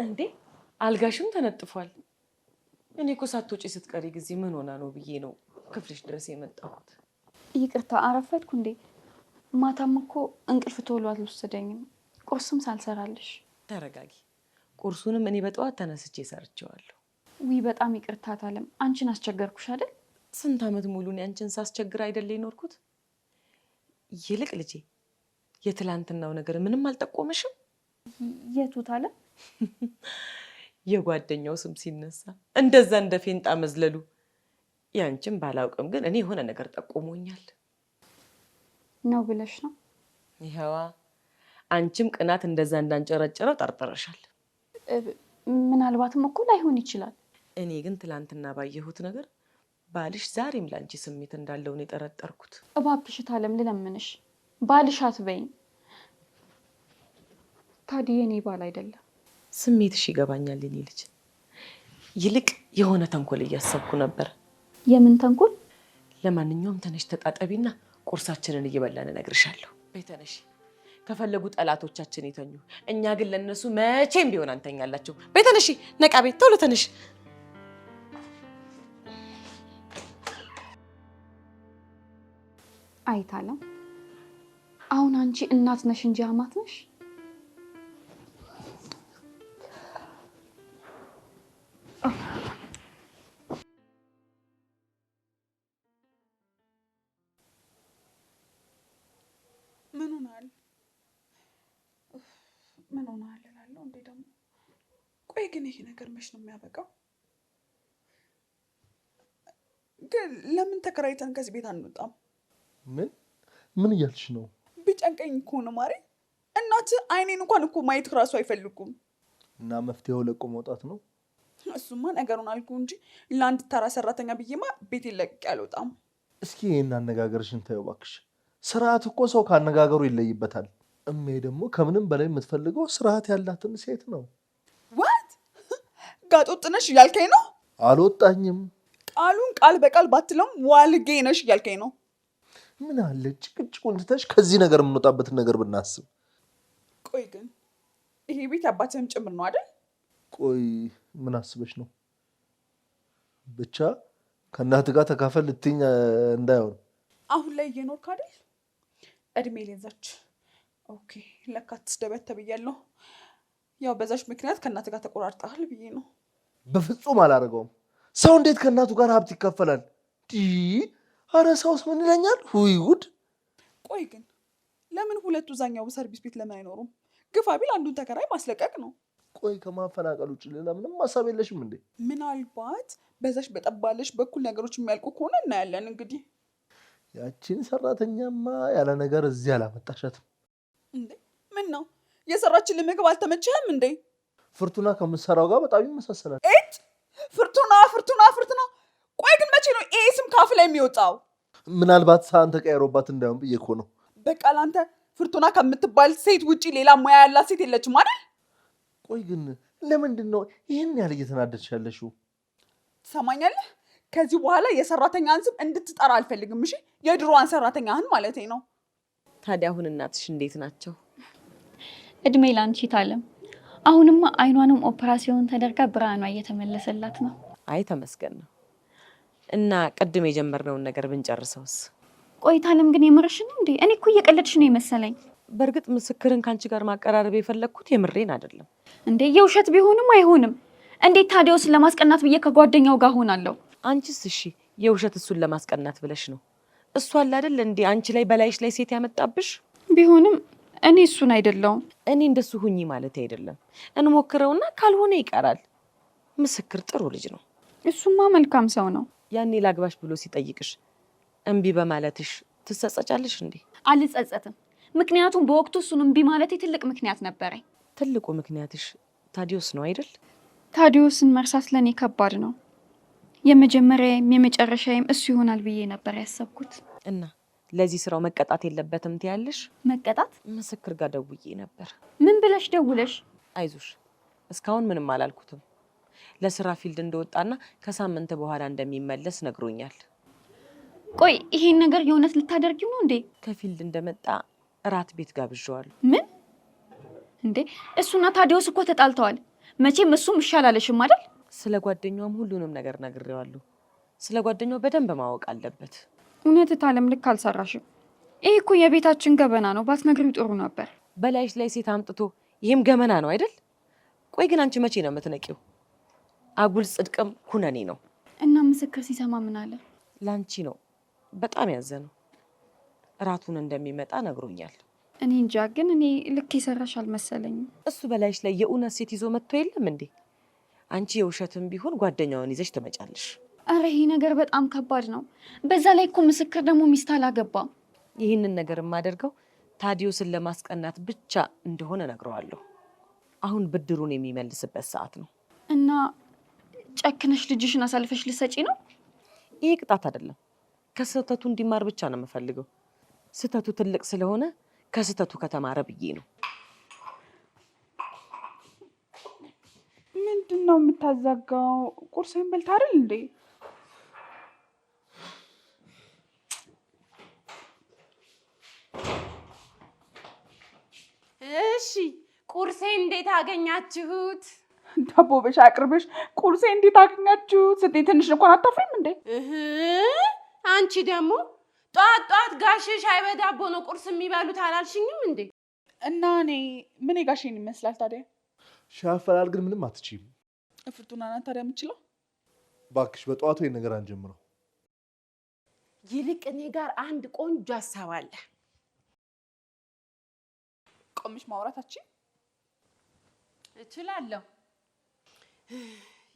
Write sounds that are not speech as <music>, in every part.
እንዴ አልጋሽም ተነጥፏል። እኔ እኮ ሳትወጪ ስትቀሪ ጊዜ ምን ሆና ነው ብዬ ነው ክፍልሽ ድረስ የመጣሁት። ይቅርታ አረፈድኩ እንዴ። ማታም እኮ እንቅልፍ ቶሎ አልወሰደኝም። ቁርስም ሳልሰራልሽ። ተረጋጊ። ቁርሱንም እኔ በጠዋት ተነስቼ ሰርቼዋለሁ። ውይ በጣም ይቅርታ አለም፣ አንቺን አስቸገርኩሽ አይደል? ስንት ዓመት ሙሉ ነው አንቺን ሳስቸግር አይደል የኖርኩት? ይልቅ ልጄ የትላንትናው ነገር ምንም አልጠቆመሽም? የቱት አለም? <laughs> የጓደኛው ስም ሲነሳ እንደዛ እንደ ፌንጣ መዝለሉ። ያንቺን ባላውቅም ግን እኔ የሆነ ነገር ጠቁሞኛል። ነው ብለሽ ነው? ይኸዋ አንቺም ቅናት እንደዛ እንዳንጨረጨረው ጠርጥረሻል። ምናልባትም እኮ ላይሆን ይችላል እኔ ግን ትላንትና ባየሁት ነገር ባልሽ ዛሬም ለአንቺ ስሜት እንዳለው የጠረጠርኩት። እባክሽ ታለም ልለምንሽ፣ ባልሽ አትበይኝ። ታዲያ የኔ ባል አይደለም። ስሜትሽ ይገባኛል የኔ ልጅ። ይልቅ የሆነ ተንኮል እያሰብኩ ነበር። የምን ተንኮል? ለማንኛውም ተነሽ ተጣጠቢና ቁርሳችንን እየበላን እነግርሻለሁ። ቤተነሽ ከፈለጉ ጠላቶቻችን የተኙ፣ እኛ ግን ለእነሱ መቼም ቢሆን አንተኛላቸው። ቤተነሽ ነቃ፣ ቤት ቶሎ ተነሽ። አይታለም። አሁን አንቺ እናት ነሽ እንጂ አማት ነሽ። ምን ሆናል? ምን ሆናል እላለሁ እንዴ ደግሞ። ቆይ ግን ይሄ ነገር መች ነው የሚያበቃው? ለምን ተከራይተን ከዚህ ቤት አንወጣም? ምን ምን እያልሽ ነው? ቢጨንቀኝ እኮ ነው ማሬ። እናት አይኔን እንኳን እኮ ማየት እራሱ አይፈልጉም። እና መፍትሄው ለቆ መውጣት ነው። እሱማ ነገሩን አልኩ እንጂ ለአንድ ተራ ሰራተኛ ብዬማ ቤቴን ለቅቄ አልወጣም። እስኪ ይህን አነጋገርሽን ተይው እባክሽ። ስርዓት እኮ ሰው ከአነጋገሩ ይለይበታል። እሜ ደግሞ ከምንም በላይ የምትፈልገው ስርዓት ያላትን ሴት ነው። ዋት ጋጦጥ ነሽ እያልከኝ ነው? አልወጣኝም። ቃሉን ቃል በቃል ባትለውም ዋልጌ ነሽ እያልከኝ ነው። ምን አለ ጭቅጭቁን ትተሽ ከዚህ ነገር የምንወጣበትን ነገር ብናስብ። ቆይ ግን ይሄ ቤት አባትህም ጭምር ነው አይደል? ቆይ ምን አስበሽ ነው? ብቻ ከእናትህ ጋር ተካፈል ልትኝ እንዳይሆን። አሁን ላይ እየኖርክ አይደል? እድሜ ሌዛች። ኦኬ ለካ ትስደበት ተብያለሁ። ያው በዛች ምክንያት ከእናትህ ጋር ተቆራርጠሃል ብዬ ነው። በፍጹም አላደርገውም። ሰው እንዴት ከእናቱ ጋር ሀብት ይካፈላል? አረ ሰውስ ምን ይለኛል? ሁይ ውድ። ቆይ ግን ለምን ሁለቱ እዛኛው ሰርቪስ ቤት ለምን አይኖሩም? ግፋ ቢል አንዱን ተከራይ ማስለቀቅ ነው። ቆይ ከማፈናቀል ውጭ ሌላ ምንም ሀሳብ የለሽም እንዴ? ምናልባት በዛሽ በጠባለሽ በኩል ነገሮች የሚያልቁ ከሆነ እናያለን። እንግዲህ ያቺን ሰራተኛማ ያለ ነገር እዚህ አላመጣሻትም እንዴ? ምን ነው የሰራችልን ምግብ አልተመቸህም እንዴ? ፍርቱና ከምትሰራው ጋር በጣም ይመሳሰላል። ፍርቱና ፍርቱና አፍ ላይ የሚወጣው ምናልባት ሳህን ተቀይሮባት እንዳይሆን ብዬ እኮ ነው። በቃ ለአንተ ፍርቱና ከምትባል ሴት ውጪ ሌላ ሙያ ያላት ሴት የለችም አይደል? ቆይ ግን ለምንድን ነው ይህን ያህል እየተናደድሽ ያለሽው? ትሰማኛለህ? ከዚህ በኋላ የሰራተኛህን ስም እንድትጠራ አልፈልግም። እሺ የድሮዋን ሰራተኛህን ማለት ነው። ታዲያ አሁን እናትሽ እንዴት ናቸው? እድሜ ላንቺ ታለም። አሁንማ አይኗንም ኦፕራሲዮን ተደርጋ ብርሃኗ እየተመለሰላት ነው። አይ ተመስገን ነው። እና ቅድም የጀመርነውን ነገር ብንጨርሰውስ? ቆይታንም ታለም ግን የምርሽን እንዴ? እኔ እኮ እየቀለድሽ ነው የመሰለኝ። በእርግጥ ምስክርን ከአንቺ ጋር ማቀራረብ የፈለግኩት የምሬን አይደለም። እንዴ የውሸት ቢሆንም አይሆንም። እንዴት ታዲያውስን ለማስቀናት ብዬ ከጓደኛው ጋር ሆናለሁ። አንቺስ? እሺ የውሸት እሱን ለማስቀናት ብለሽ ነው። እሱ አለ አይደል እንዴ አንቺ ላይ በላይሽ ላይ ሴት ያመጣብሽ። ቢሆንም እኔ እሱን አይደለውም። እኔ እንደሱ ሁኚ ማለት አይደለም። እንሞክረውና ካልሆነ ይቀራል። ምስክር ጥሩ ልጅ ነው። እሱማ መልካም ሰው ነው። ያኔ ላግባሽ ብሎ ሲጠይቅሽ እምቢ በማለትሽ ትጸጸጫለሽ እንዴ? አልጸጸትም። ምክንያቱም በወቅቱ እሱን እምቢ ማለቴ ትልቅ ምክንያት ነበረኝ። ትልቁ ምክንያትሽ ታዲዮስ ነው አይደል? ታዲዮስን መርሳት ለእኔ ከባድ ነው። የመጀመሪያም የመጨረሻዬም እሱ ይሆናል ብዬ ነበር ያሰብኩት። እና ለዚህ ስራው መቀጣት የለበትም ትያለሽ? መቀጣት? ምስክር ጋር ደውዬ ነበር። ምን ብለሽ ደውለሽ? አይዞሽ፣ እስካሁን ምንም አላልኩትም ለስራ ፊልድ እንደወጣና ከሳምንት በኋላ እንደሚመለስ ነግሮኛል። ቆይ ይሄን ነገር የእውነት ልታደርግ ነው እንዴ? ከፊልድ እንደመጣ እራት ቤት ጋብዣዋለሁ። ምን እንዴ? እሱና ታዲዮስ እኮ ተጣልተዋል። መቼም እሱም እሻላለሽም አይደል? ስለ ጓደኛውም ሁሉንም ነገር ነግሬዋለሁ። ስለ ጓደኛው በደንብ ማወቅ አለበት። እውነት እታለም ልክ አልሰራሽም። ይህ እኮ የቤታችን ገበና ነው፣ ባትነግሪው ጥሩ ነበር። በላይሽ ላይ ሴት አምጥቶ ይህም ገመና ነው አይደል? ቆይ ግን አንቺ መቼ ነው የምትነቂው? አጉል ጽድቅም ኩነኔ ነው እና ምስክር ሲሰማ ምን አለ? ላንቺ ነው በጣም ያዘ ነው። እራቱን እንደሚመጣ ነግሮኛል። እኔ እንጃ፣ ግን እኔ ልክ የሰራሽ አልመሰለኝም። እሱ በላይሽ ላይ የእውነት ሴት ይዞ መጥቶ የለም እንዴ? አንቺ የውሸትም ቢሆን ጓደኛውን ይዘሽ ትመጫለሽ። አረ ይሄ ነገር በጣም ከባድ ነው። በዛ ላይ እኮ ምስክር ደግሞ ሚስት አላገባም። ይህንን ነገር የማደርገው ታዲዮስን ለማስቀናት ብቻ እንደሆነ ነግረዋለሁ። አሁን ብድሩን የሚመልስበት ሰዓት ነው እና ጨክነሽ ልጅሽን አሳልፈሽ ልሰጪ ነው? ይህ ቅጣት አይደለም። ከስህተቱ እንዲማር ብቻ ነው የምፈልገው። ስህተቱ ትልቅ ስለሆነ ከስህተቱ ከተማረ ብዬ ነው። ምንድን ነው የምታዛጋው? ቁርስህን በልተህ አይደል እንዴ? እሺ ቁርሴ እንዴት አገኛችሁት? ዳቦ በሻ አቅርብሽ ቁርሴ እንዴት አገኛችሁት ስትይ ትንሽ እንኳን አታፍሪም እንዴ? አንቺ ደግሞ ጠዋት ጠዋት ጋሼ ሻይ በዳቦ ነው ቁርስ የሚበሉት አላልሽኝም እንዴ? እና እኔ ምን ጋሼን ይመስላል ታዲያ? ሻይ አፈላል ግን ምንም አትችይም። እፍርቱና ናት ታዲያ የምችለው። እባክሽ በጠዋቱ ይሄን ነገር አንጀምረው። ይልቅ እኔ ጋር አንድ ቆንጆ ሀሳብ አለ። ቆምሽ ማውራታችን እችላለሁ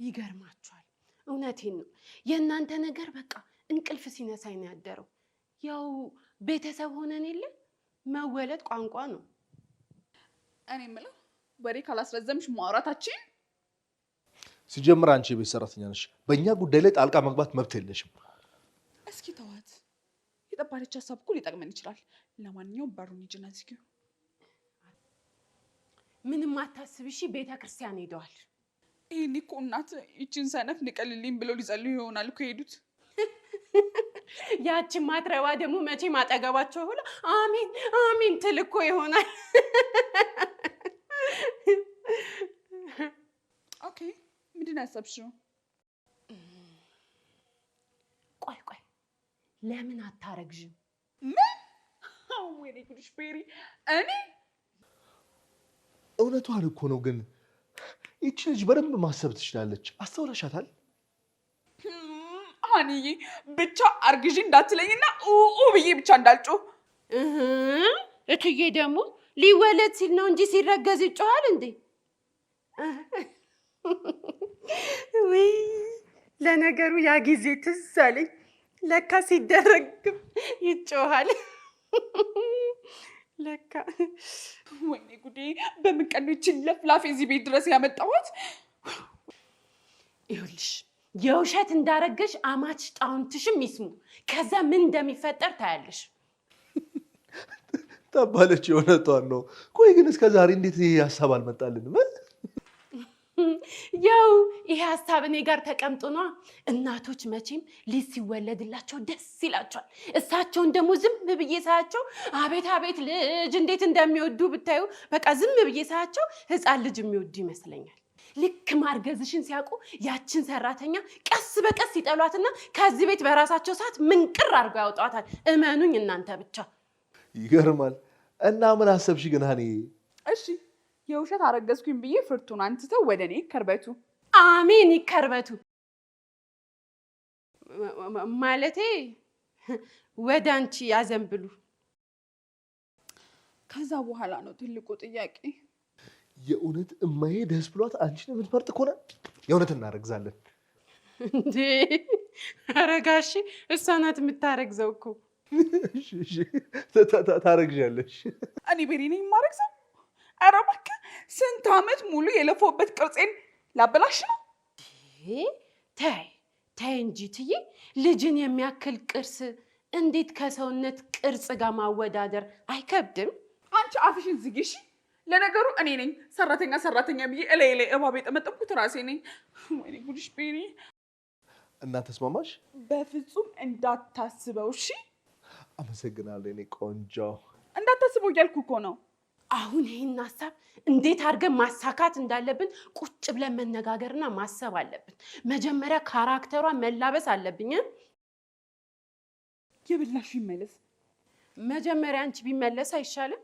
ይገርማችኋል። እውነቴን ነው። የእናንተ ነገር በቃ እንቅልፍ ሲነሳኝ ነው ያደረው። ያው ቤተሰብ ሆነን የለ መወለድ ቋንቋ ነው። እኔ የምለው ወሬ ካላስረዘምሽ ማውራታችን ሲጀምር አንቺ የቤት ሰራተኛ ነሽ። በእኛ ጉዳይ ላይ ጣልቃ መግባት መብት የለሽም። እስኪ ተዋት። የጠባለች ሀሳብ እኮ ሊጠቅመን ይችላል። ለማንኛውም በሩን ሂጂና ምንም አታስብ እሺ። ቤተ ክርስቲያን ሄደዋል። ይህን እኮ እናት ይችን ሰነፍ ንቀልልኝ ብለው ሊጸሉ ይሆናል እኮ የሄዱት። ያችን ማትረባ ደግሞ መቼ ማጠገባቸው ሁላ አሚን አሚን ትልኮ ይሆናል። ኦኬ ምንድን ያሰብሽው? ቆይ ቆይ ለምን አታረግዥም? ምን ወይኔ ጉድሽ! ቤሪ እኔ እውነቷን እኮ ነው ግን ይቺ ልጅ በደንብ ማሰብ ትችላለች። አስተውለሻታል? ሀኒዬ ብቻ አርግዢ እንዳትለኝና ኡ ብዬ ብቻ እንዳልጮ እትዬ ደግሞ ሊወለድ ሲል ነው እንጂ ሲረገዝ ይጮኋል እንዴ? ወይ <laughs> ለነገሩ ያ ጊዜ ትዝ አለኝ። ለካ ሲደረግም ይጮኋል። <laughs> ለካ <laughs> ወይኔ ጉዴ! በምቀኖችን ለፍላፊ እዚህ ቤት ድረስ ያመጣሁት። ይኸውልሽ የውሸት እንዳረገሽ አማች ጣውንትሽም ይስሙ። ከዛ ምን እንደሚፈጠር ታያለሽ። ታባለች የሆነቷን ነው። ቆይ ግን እስከ ዛሬ እንዴት ይህ ሀሳብ አልመጣልንም? ያው ይሄ ሀሳብ እኔ ጋር ተቀምጥኗ። እናቶች መቼም ልጅ ሲወለድላቸው ደስ ይላቸዋል። እሳቸውን ደግሞ ዝም ብዬ ሳያቸው አቤት አቤት ልጅ እንዴት እንደሚወዱ ብታዩ። በቃ ዝም ብዬ ሳያቸው ሕፃን ልጅ የሚወዱ ይመስለኛል። ልክ ማርገዝሽን ሲያውቁ ያችን ሰራተኛ ቀስ በቀስ ይጠሏትና ከዚህ ቤት በራሳቸው ሰዓት ምንቅር አድርገው ያውጧታል። እመኑኝ እናንተ ብቻ ይገርማል። እና ምን አሰብሽ ግን እሺ የውሸት አረገዝኩኝ ብዬ ፍርቱን አንስተው ወደ እኔ ይከርበቱ። አሜን ይከርበቱ። ማለቴ ወደ አንቺ ያዘንብሉ። ከዛ በኋላ ነው ትልቁ ጥያቄ። የእውነት እማዬ ደስ ብሏት አንቺን የምትመርጥ ከሆነ የእውነት እናረግዛለን። እንዴ አረጋሽ፣ እሷ ናት የምታረግዘው እኮ። ታረግዣለሽ። እኔ ቤሪ ነኝ የማረግዘው ኧረ እባክህ ስንት ዓመት ሙሉ የለፈውበት ቅርጼን ላበላሽ ነው። ተይ ተይ እንጂ ትዬ፣ ልጅን የሚያክል ቅርስ እንዴት ከሰውነት ቅርጽ ጋር ማወዳደር አይከብድም? አንቺ አፍሽን ዝጊ ለነገሩ እኔ ነኝ ሰራተኛ ሰራተኛ ብዬ እላይ ላይ እባብ የጠመጠምኩት ራሴ ነኝ። ወይኔ ጉድሽ ቤኒ። እና ተስማማሽ? በፍጹም እንዳታስበው እሺ። አመሰግናለሁ ቆንጆ። እንዳታስበው እያልኩ እኮ ነው አሁን ይህን ሀሳብ እንዴት አድርገን ማሳካት እንዳለብን ቁጭ ብለን መነጋገርና ማሰብ አለብን። መጀመሪያ ካራክተሯን መላበስ አለብኝ። የብላሽ ይመለስ። መጀመሪያ አንቺ ቢመለስ አይሻልም?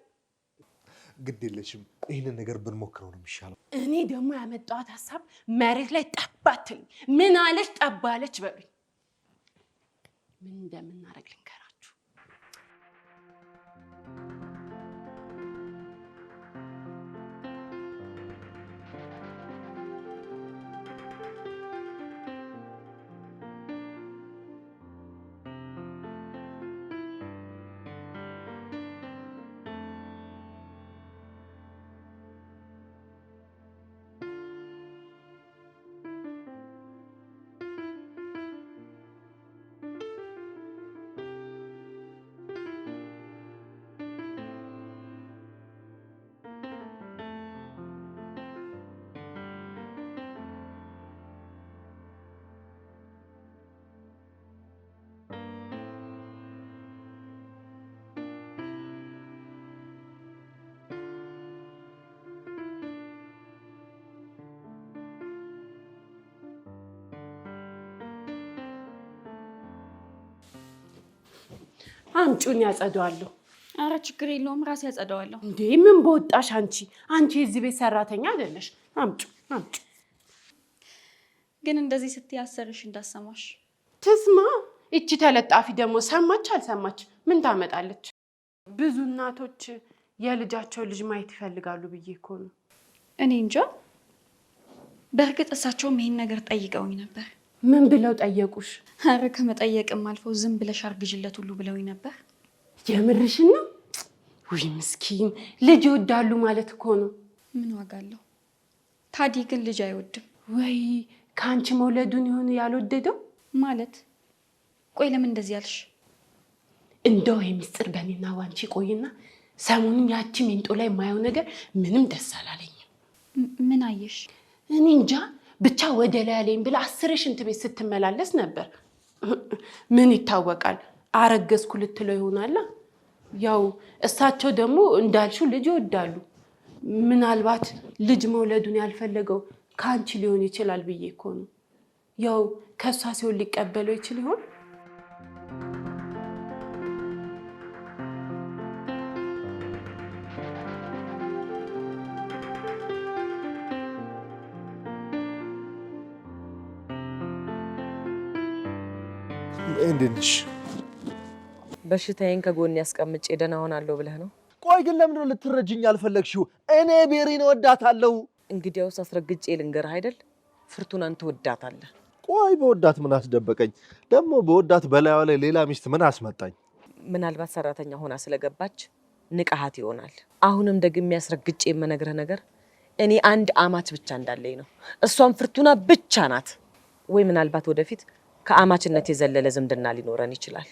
ግድ የለሽም፣ ይህንን ነገር ብንሞክረው ነው የሚሻለው። እኔ ደግሞ ያመጣኋት ሀሳብ መሬት ላይ ጠባትልኝ። ምን አለች ጠባለች በሉኝ። ምን እንደምናደርግልኝ አምጪውን ያጸደዋለሁ። አረ ችግር የለውም ራሴ ያጸደዋለሁ። እንዴ ምን በወጣሽ አንቺ አንቺ የዚህ ቤት ሰራተኛ አይደለሽ። አምጪ አምጪ። ግን እንደዚህ ስትይ አሰርሽ እንዳሰማሽ ትስማ። እቺ ተለጣፊ ደግሞ ሰማች አልሰማች ምን ታመጣለች? ብዙ እናቶች የልጃቸው ልጅ ማየት ይፈልጋሉ ብዬ እኮ ነው። እኔ እንጃ። በእርግጥ እሳቸውም ይሄን ነገር ጠይቀውኝ ነበር ምን ብለው ጠየቁሽ? አረ ከመጠየቅም አልፈው ዝም ብለሽ አርግዥለት ሁሉ ብለውኝ ነበር። የምርሽን ነው? ውይ ምስኪን ልጅ ይወዳሉ ማለት እኮ ነው። ምን ዋጋ አለው ታዲያ? ግን ልጅ አይወድም ወይ? ከአንቺ መውለዱን ይሆን ያልወደደው ማለት? ቆይ ለምን እንደዚህ ያልሽ? እንደው የሚስጥር በኔና ዋንቺ ቆይና፣ ሰሞኑን ያቺ ሜንጦ ላይ የማየው ነገር ምንም ደስ አላለኝም። ምን አየሽ? እኔ እንጃ ብቻ ወደ ላያሌን ብላ አስር ሽንት ቤት ስትመላለስ ነበር። <laughs> ምን ይታወቃል፣ አረገዝኩ ልትለው ይሆናላ። ያው እሳቸው ደግሞ እንዳልሽው ልጅ ይወዳሉ። ምናልባት ልጅ መውለዱን ያልፈለገው ከአንቺ ሊሆን ይችላል ብዬ እኮ ነው። ያው ከእሷ ሲሆን ሊቀበለው ይችል ይሆን? እንዴት ነሽ? በሽታዬን ከጎን ያስቀምጬ ደህና ሆናለሁ ብለህ ነው? ቆይ ግን ነው ልትረጅኝ ያልፈለግሽው? እኔ ቤሪን እወዳታለሁ። እንግዲያውስ አስረግጬ ልንገርህ አይደል፣ ፍርቱናን ትወዳታለህ። ቆይ በወዳት ምን አስደበቀኝ? ደግሞ በወዳት በላዩ ላይ ሌላ ሚስት ምን አስመጣኝ? ምናልባት ሰራተኛ ሆና ስለገባች ንቃሃት ይሆናል። አሁንም ደግሜ ያስረግጬ የምነግረህ ነገር እኔ አንድ አማች ብቻ እንዳለኝ ነው። እሷም ፍርቱና ብቻ ናት። ወይ ምናልባት ወደፊት ከአማችነት የዘለለ ዝምድና ሊኖረን ይችላል።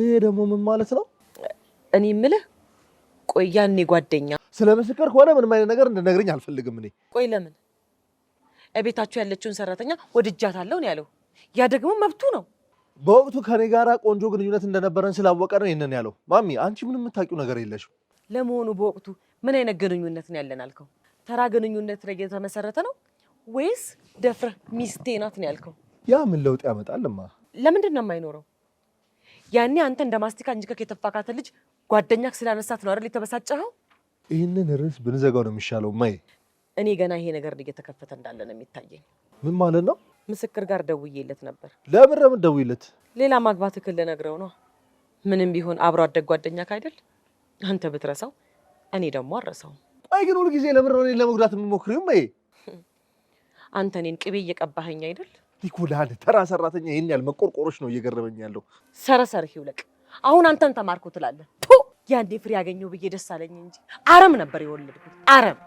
ይሄ ደግሞ ምን ማለት ነው? እኔ የምልህ ቆይ ያኔ ጓደኛ ስለ ምስክር ከሆነ ምንም አይነት ነገር እንድነግርኝ አልፈልግም። እኔ ቆይ ለምን ቤታችሁ ያለችውን ሰራተኛ ወድጃታለሁ ነው ያለው? ያ ደግሞ መብቱ ነው። በወቅቱ ከኔ ጋር ቆንጆ ግንኙነት እንደነበረን ስላወቀ ነው ይህንን ያለው። ማሚ አንቺ ምንም የምታውቂው ነገር የለሽም። ለመሆኑ በወቅቱ ምን አይነት ግንኙነት ነው ያለን አልከው? ተራ ግንኙነት ላይ የተመሰረተ ነው ወይስ ደፍረህ ሚስቴ ናት ነው ያልከው? ያ ምን ለውጥ ያመጣልማ? ለምንድን ነው የማይኖረው? ያኔ አንተ እንደ ማስቲካ እንጂ የተፋካተ ልጅ ጓደኛክ ስላነሳት ነው አይደል የተበሳጨኸው? ይህንን ርዕስ ብንዘጋው ነው የሚሻለው ማይ። እኔ ገና ይሄ ነገር እየተከፈተ እንዳለ ነው የሚታየኝ። ምን ማለት ነው? ምስክር ጋር ደውዬለት ነበር። ለምን ለምን ደውዬለት? ሌላ ማግባት እክል ልነግረው ነው። ምንም ቢሆን አብሮ አደግ ጓደኛክ አይደል? አንተ ብትረሳው እኔ ደግሞ አልረሳውም። አይ ግን ሁልጊዜ ለምን ነው እኔን ለመጉዳት የምሞክሪው ማይ? አንተ እኔን ቅቤ እየቀባኸኝ አይደል? ይኩላል ተራ ሰራተኛ ይሄን ያህል መቆርቆሮች ነው እየገረመኝ ያለው። ሰረሰር ይውለቅ። አሁን አንተን ተማርኩ ትላለህ። ቱ ያንዴ ፍሬ ያገኘው ብዬ ደስ አለኝ እንጂ አረም ነበር የወለድኩት አረም።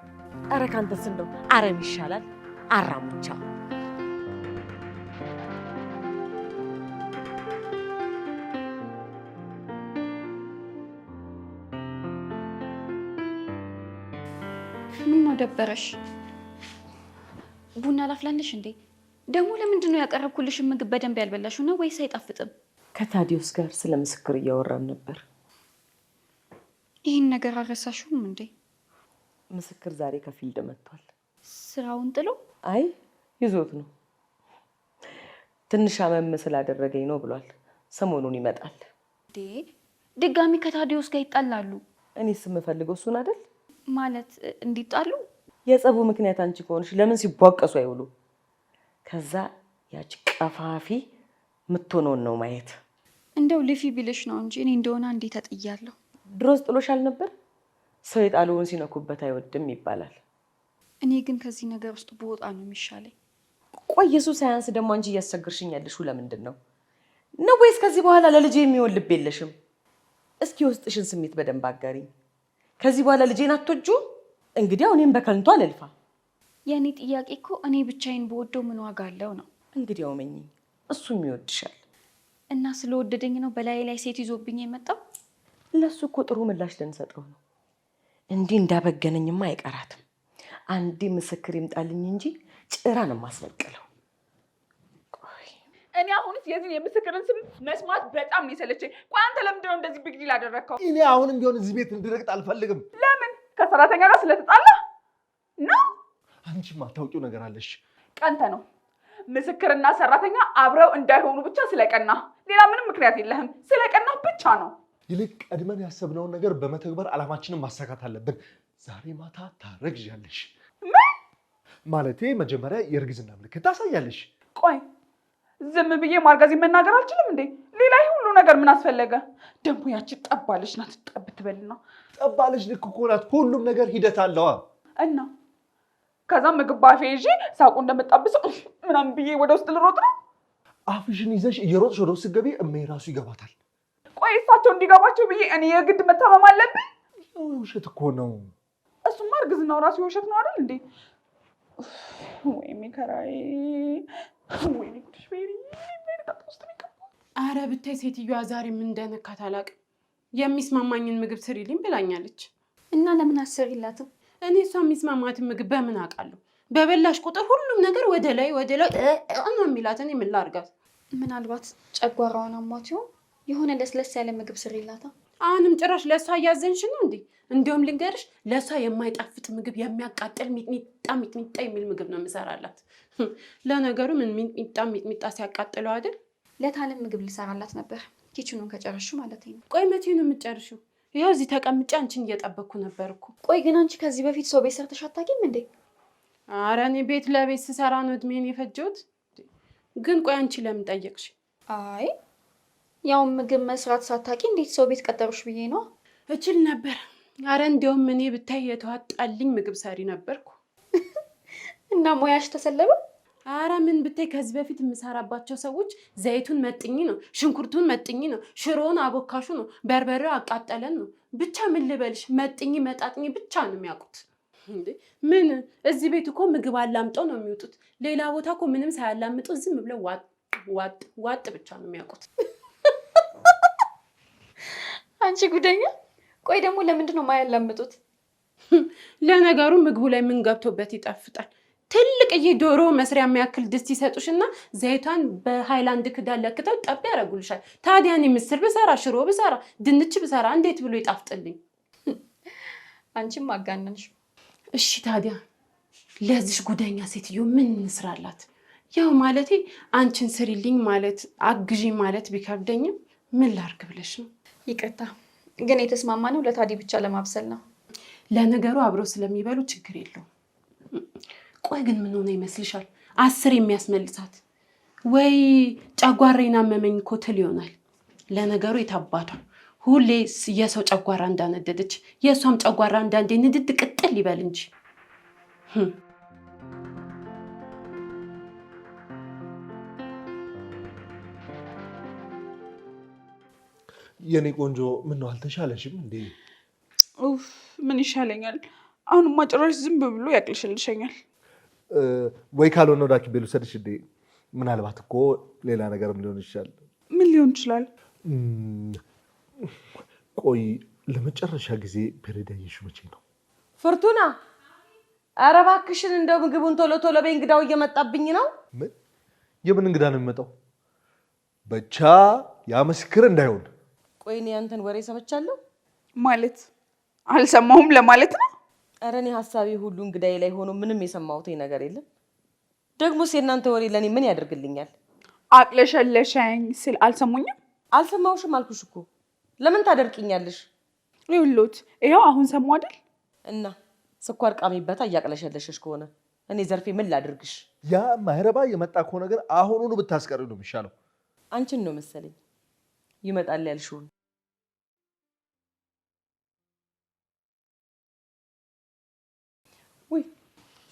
ኧረ ካንተስ እንደው አረም ይሻላል። አራሙቻ ምን ነው ደበረሽ? ቡና ላፍላለሽ እንዴ? ደግሞ ለምንድን ነው ያቀረብኩልሽን ምግብ በደንብ ያልበላሽው ነው ወይስ አይጣፍጥም? ከታዲዮስ ጋር ስለ ምስክር እያወራን ነበር። ይህን ነገር አልረሳሽውም እንዴ? ምስክር ዛሬ ከፊልድ መጥቷል። ስራውን ጥሎ? አይ ይዞት ነው። ትንሽ አመም ስላደረገኝ ነው ብሏል። ሰሞኑን ይመጣል። ድጋሚ ከታዲዮስ ጋር ይጣላሉ? እኔ የምፈልገው እሱን አይደል? ማለት እንዲጣሉ የጸቡ ምክንያት አንቺ ከሆንሽ ለምን ሲቧቀሱ አይውሉ? ከዛ ያች ቀፋፊ የምትሆነውን ነው ማየት። እንደው ልፊ ቢልሽ ነው እንጂ እኔ እንደሆነ እንዴ ተጥያለሁ። ድሮስ ጥሎሽ አልነበር? ሰው የጣለውን ሲነኩበት አይወድም ይባላል። እኔ ግን ከዚህ ነገር ውስጥ በወጣ ነው የሚሻለኝ። ቆይ የሱ ሳያንስ ደግሞ አንቺ እያስቸግርሽኝ ያለሽው ለምንድን ነው ነው? ወይስ ከዚህ በኋላ ለልጄ የሚሆን ልብ የለሽም? እስኪ ውስጥሽን ስሜት በደንብ አጋሪኝ። ከዚህ በኋላ ልጄን አትወጂውም? እንግዲያው እኔም በከንቱ አልልፋ። የእኔ ጥያቄ እኮ እኔ ብቻዬን በወደው ምን ዋጋ አለው ነው። እንግዲህ አውመኝ እሱም ይወድሻል እና ስለወደደኝ ነው በላይ ላይ ሴት ይዞብኝ የመጣው። ለሱ እኮ ጥሩ ምላሽ ልንሰጠው ነው። እንዲህ እንዳበገነኝማ አይቀራትም። አንዴ ምስክር ይምጣልኝ እንጂ ጭራ ነው እኔ አሁንስ የዚህ የምስክርን ስም መስማት በጣም ነው የሰለቸኝ። ቆይ አንተ ለምንድን ነው እንደዚህ ብግዲ አደረግከው? እኔ አሁንም ቢሆን እዚህ ቤት እንድረግጥ አልፈልግም። ለምን? ከሰራተኛ ጋር ስለተጣላ ነው? አንቺ ማታውቂው ነገር አለሽ። ቀንተ ነው ምስክርና ሰራተኛ አብረው እንዳይሆኑ ብቻ ስለቀና፣ ሌላ ምንም ምክንያት የለህም። ስለቀና ብቻ ነው። ይልቅ ቀድመን ያሰብነውን ነገር በመተግበር አላማችንን ማሳካት አለብን። ዛሬ ማታ ታረግዣለሽ። ምን ማለቴ? መጀመሪያ የእርግዝና ምልክት ታሳያለሽ። ቆይ ዝም ብዬ ማርጋዜ መናገር አልችልም እንዴ? ሌላ ሁሉ ነገር ምን አስፈለገ ደሞ ያቺ ጠባለች ናት። ጠብ ትበልና ጠባለች ልክ እኮ ናት። ሁሉም ነገር ሂደት አለዋ እና ከዛም ምግብ ባፌ ይዤ ሳቁ እንደምጣብሰው ምናምን ብዬ ወደ ውስጥ ልሮጥ ነው። አፍሽን ይዘሽ እየሮጥሽ ወደ ውስጥ ገቢ፣ እማዬ ራሱ ይገባታል። ቆይ እሳቸው እንዲገባቸው ብዬ እኔ የግድ መታመም አለብኝ? ውሸት እኮ ነው እሱማ። እርግዝናው ራሱ የውሸት ነው አይደል እንዴ? ወይ ሚከራይ አረ ብታይ ሴትዮዋ ዛሬ ምን እንደነካት አላውቅም። የሚስማማኝን ምግብ ስሪልኝ ብላኛለች እና ለምን አስሪላትም እኔ እሷ የሚስማማትን ምግብ በምን አውቃለሁ? በበላሽ ቁጥር ሁሉም ነገር ወደ ላይ ወደ ላይ ነው የሚላት። እኔ ምን ላድርጋት? ምናልባት ጨጓራውን አሟት ይሆን? የሆነ ለስለስ ያለ ምግብ ስሪላታ። አሁንም ጭራሽ ለእሷ እያዘንሽ ነው እንዴ? እንዲሁም ልንገርሽ፣ ለእሷ የማይጣፍጥ ምግብ የሚያቃጥል ሚጥሚጣ ሚጥሚጣ የሚል ምግብ ነው የምሰራላት። ለነገሩ ምን ሚጥሚጣ ሚጥሚጣ ሲያቃጥለው አይደል? ለታለም ምግብ ልሰራላት ነበር ኪችኑን ከጨረሹ ማለት ነው። ቆይ መቼ ነው የምትጨርሹው? ይኸው እዚህ ተቀምጬ አንቺን እየጠበኩ ነበር እኮ። ቆይ ግን አንቺ ከዚህ በፊት ሰው ቤት ሰርተሽ አታውቂም እንዴ? አረ እኔ ቤት ለቤት ስሰራ ነው እድሜን የፈጀሁት። ግን ቆይ አንቺ ለምን ጠየቅሽ? አይ ያው ምግብ መስራት ሳታውቂ እንዴት ሰው ቤት ቀጠሩሽ ብዬ ነው። እችል ነበር። አረ እንዲያውም እኔ ብታይ የተዋጣልኝ ምግብ ሰሪ ነበርኩ። እና ሙያሽ ተሰለበ አረ ምን ብታይ ከዚህ በፊት የምሰራባቸው ሰዎች ዘይቱን መጥኝ ነው፣ ሽንኩርቱን መጥኝ ነው፣ ሽሮውን አቦካሹ ነው፣ በርበሬው አቃጠለን ነው። ብቻ ምን ልበልሽ መጥኝ መጣጥኝ ብቻ ነው የሚያውቁት። ምን እዚህ ቤት እኮ ምግብ አላምጠው ነው የሚወጡት። ሌላ ቦታ እኮ ምንም ሳያላምጡ ዝም ብለው ዋጥ ዋጥ ዋጥ ብቻ ነው የሚያውቁት። አንቺ ጉደኛ! ቆይ ደግሞ ለምንድን ነው የማያላምጡት? ለነገሩ ምግቡ ላይ ምን ገብቶበት ይጣፍጣል? ትልቅዬ ዶሮ መስሪያ የሚያክል ድስት ይሰጡሽና ዘይቷን በሃይላንድ ክዳን ለክተው ጠብ ያደርጉልሻል። ታዲያ እኔ ምስር ብሰራ፣ ሽሮ ብሰራ፣ ድንች ብሰራ እንዴት ብሎ ይጣፍጥልኝ? አንቺም አጋነንሽ። እሺ ታዲያ ለዚሽ ጉደኛ ሴትዮ ምን እንስራላት? ያው ማለቴ አንቺን ስሪልኝ ማለት አግዢ ማለት ቢከብደኝም ምን ላርግ ብለሽ ነው። ይቅርታ ግን የተስማማ ነው ለታዲ ብቻ ለማብሰል ነው። ለነገሩ አብረው ስለሚበሉ ችግር የለውም። ቆይ ግን ምን ሆነ ይመስልሻል? አስር የሚያስመልሳት ወይ ጨጓራዬን አመመኝ ኮትል ይሆናል። ለነገሩ የታባቷ ሁሌ የሰው ጨጓራ እንዳነደደች የእሷም ጨጓራ እንዳንዴ ንድድ ቅጥል ይበል እንጂ hm። የኔ ቆንጆ ነው አልተሻለሽም እንዴ? ኡፍ ምን ይሻለኛል? አሁንማ ጭራሽ ዝም ብሎ ያቅልሽልሸኛል። ወይ ካልሆነ ወደ ሐኪም ቤት ልውሰድሽ እንዴ? ምናልባት እኮ ሌላ ነገርም ሊሆን ይችላል። ምን ሊሆን ይችላል? ቆይ ለመጨረሻ ጊዜ ፔሬድ ያየሽው መቼ ነው? ፍርቱና፣ ኧረ እባክሽን እንደው ምግቡን ቶሎ ቶሎ በይ፣ እንግዳው እየመጣብኝ ነው። ምን የምን እንግዳ ነው የሚመጣው? ብቻ ያመስክር እንዳይሆን። ቆይ እኔ ያንተን ወሬ ሰምቻለሁ ማለት አልሰማሁም ለማለት ነው ኧረ እኔ ሀሳቤ ሁሉ እንግዳዬ ላይ ሆኖ ምንም የሰማሁት ነገር የለም። ደግሞስ የእናንተ ወሬ ለእኔ ምን ያደርግልኛል? አቅለሸለሸኝ ስል አልሰሙኝም? አልሰማሁሽም አልኩሽ እኮ ለምን ታደርቅኛለሽ? ይውሎት ይኸው አሁን ሰሙ አይደል? እና ስኳር ቃሚበታ እያቅለሸለሸሽ ከሆነ እኔ ዘርፌ ምን ላድርግሽ? ያ ማህረባ የመጣ ከሆነ ግን አሁኑኑ ብታስቀሪ ነው የሚሻለው። አንቺን ነው መሰለኝ ይመጣል ያልሽውን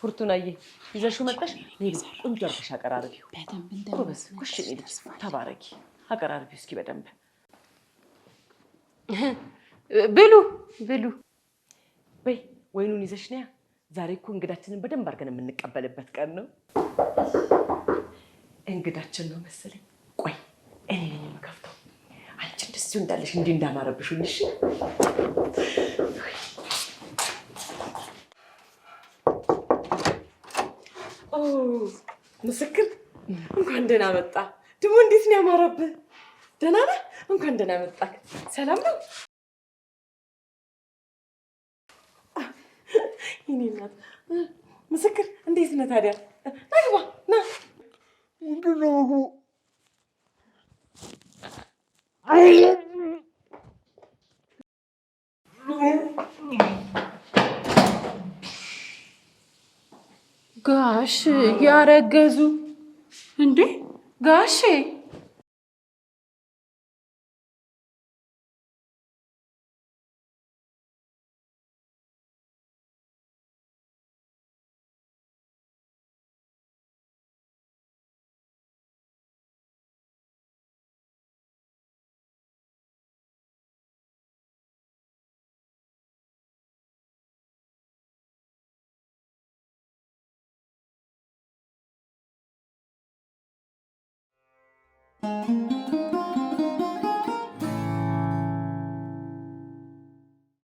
ፍርቱናዬ ይዘሽው መጣሽ። ሌላ ቆንጆ አድርገሽ አቀራርቢው። ጎበዝ ኩሽ ልጅ ተባረኪ። አቀራርቢው እስኪ በደንብ ብሉ ብሉ። በይ ወይኑን ይዘሽ ነያ። ዛሬ እኮ እንግዳችንን በደንብ አድርገን የምንቀበልበት ቀን ነው። እንግዳችን ነው መሰለኝ። ቆይ እኔ ነኝ የምከፍተው። አንቺ እንደዚሁ እንዳለሽ እንዲህ እንዳማረብሽ እሺ ምስክር እንኳን ደህና መጣ። ደግሞ እንዴት ነው ያማረብህ! ደህና ነህ? እንኳን ደህና መጣ። ሰላም ነው? ይኔ እናት ምስክር እንዴት ነህ ታዲያ? ናግባ ና እንድናጉ አይ ጋሽ ያረገዙ እንዴ? ጋሼ うん。